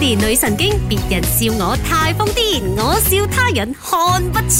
連女神經，別人笑我太瘋癲，我笑他人看不穿。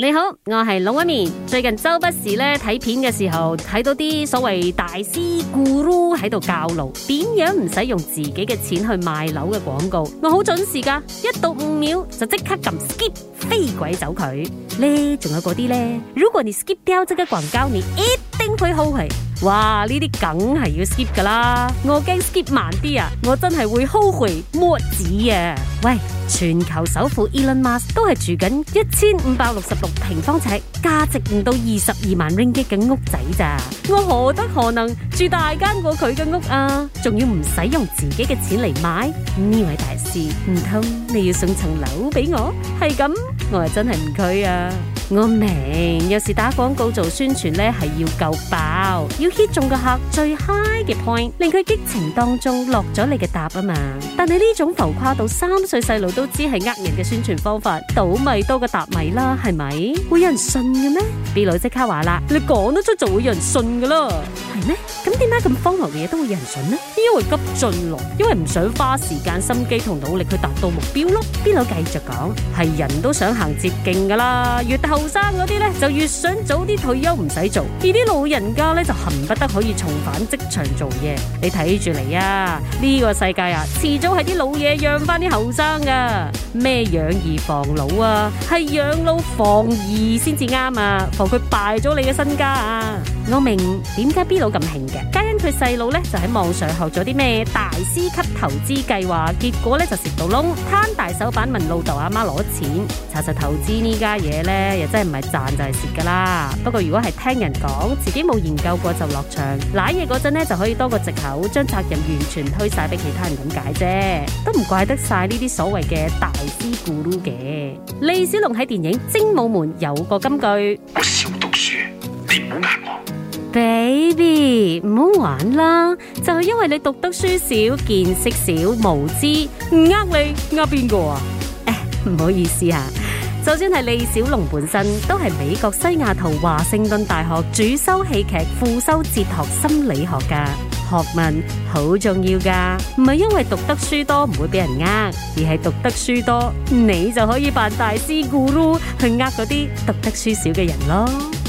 你好，我係龍紋敏。最近周不時咧睇片嘅時候，睇到啲所謂大師、Guru 喺度教路，點樣唔使用，用自己嘅錢去賣樓嘅廣告。我好準時噶，一到五秒就即刻撳 skip，飛鬼走佢。呢仲有嗰啲呢？如果你 skip 掉，即刻廣告，你一定會好氣。哇！呢啲梗係要 skip 噶啦，我驚 skip 慢啲啊，我真係會後悔莫及啊！喂，全球首富 Elon Musk 都係住緊一千五百六十六平方尺、價值唔到二十二萬 Ringgit 嘅屋仔咋，我何德何能住大間過佢嘅屋啊？仲要唔使用,用自己嘅錢嚟買？呢位大師唔通你要送層樓俾我？係咁，我係真係唔拘啊！我明，有時打廣告做宣傳咧，係要夠爆，要 hit 中個客最 high 嘅 point，令佢激情當中落咗你嘅答啊嘛。但你呢種浮誇到三歲細路都知係呃人嘅宣傳方法，倒米多過答米啦，係咪？會有人信嘅咩？B 佬即刻話啦，你講得出就會有人信噶啦，係咩？咁點解咁荒謬嘅嘢都會有人信呢？因為急進咯，因為唔想花時間、心機同努力去達到目標咯。B 佬繼續講，係人都想行捷徑噶啦，越後。後生嗰啲咧就越想早啲退休唔使做，而啲老人家咧就恨不得可以重返職場做嘢。你睇住嚟啊，呢個世界啊，遲早係啲老嘢養翻啲後生噶。咩養兒防老啊？係養老防兒先至啱啊！防佢敗咗你嘅身家啊！我明點解 B 佬咁興嘅，皆因佢細佬咧就喺網上學咗啲咩大師級投資計劃，結果咧就食到窿，攤大手板問老豆阿媽攞錢，查實投資呢家嘢咧。真係唔係賺就係蝕噶啦，不過如果係聽人講，自己冇研究過就落場，瀨嘢嗰陣呢，就可以多個借口，將責任完全推晒俾其他人咁解啫，都唔怪得晒呢啲所謂嘅大師咕嚕嘅。李小龍喺電影《精武門》有個金句：我少讀書，你唔好呃我。Baby，唔好玩啦，就係因為你讀得書少，見識少，無知，唔呃你，呃邊個啊？誒，唔好意思啊。就算係李小龍本身，都係美國西雅圖華盛頓大學主修戲劇、副修哲學、心理學嘅。學問好重要噶。唔係因為讀得書多唔會俾人呃，而係讀得書多，你就可以扮大師咕嚕去呃嗰啲讀得書少嘅人咯。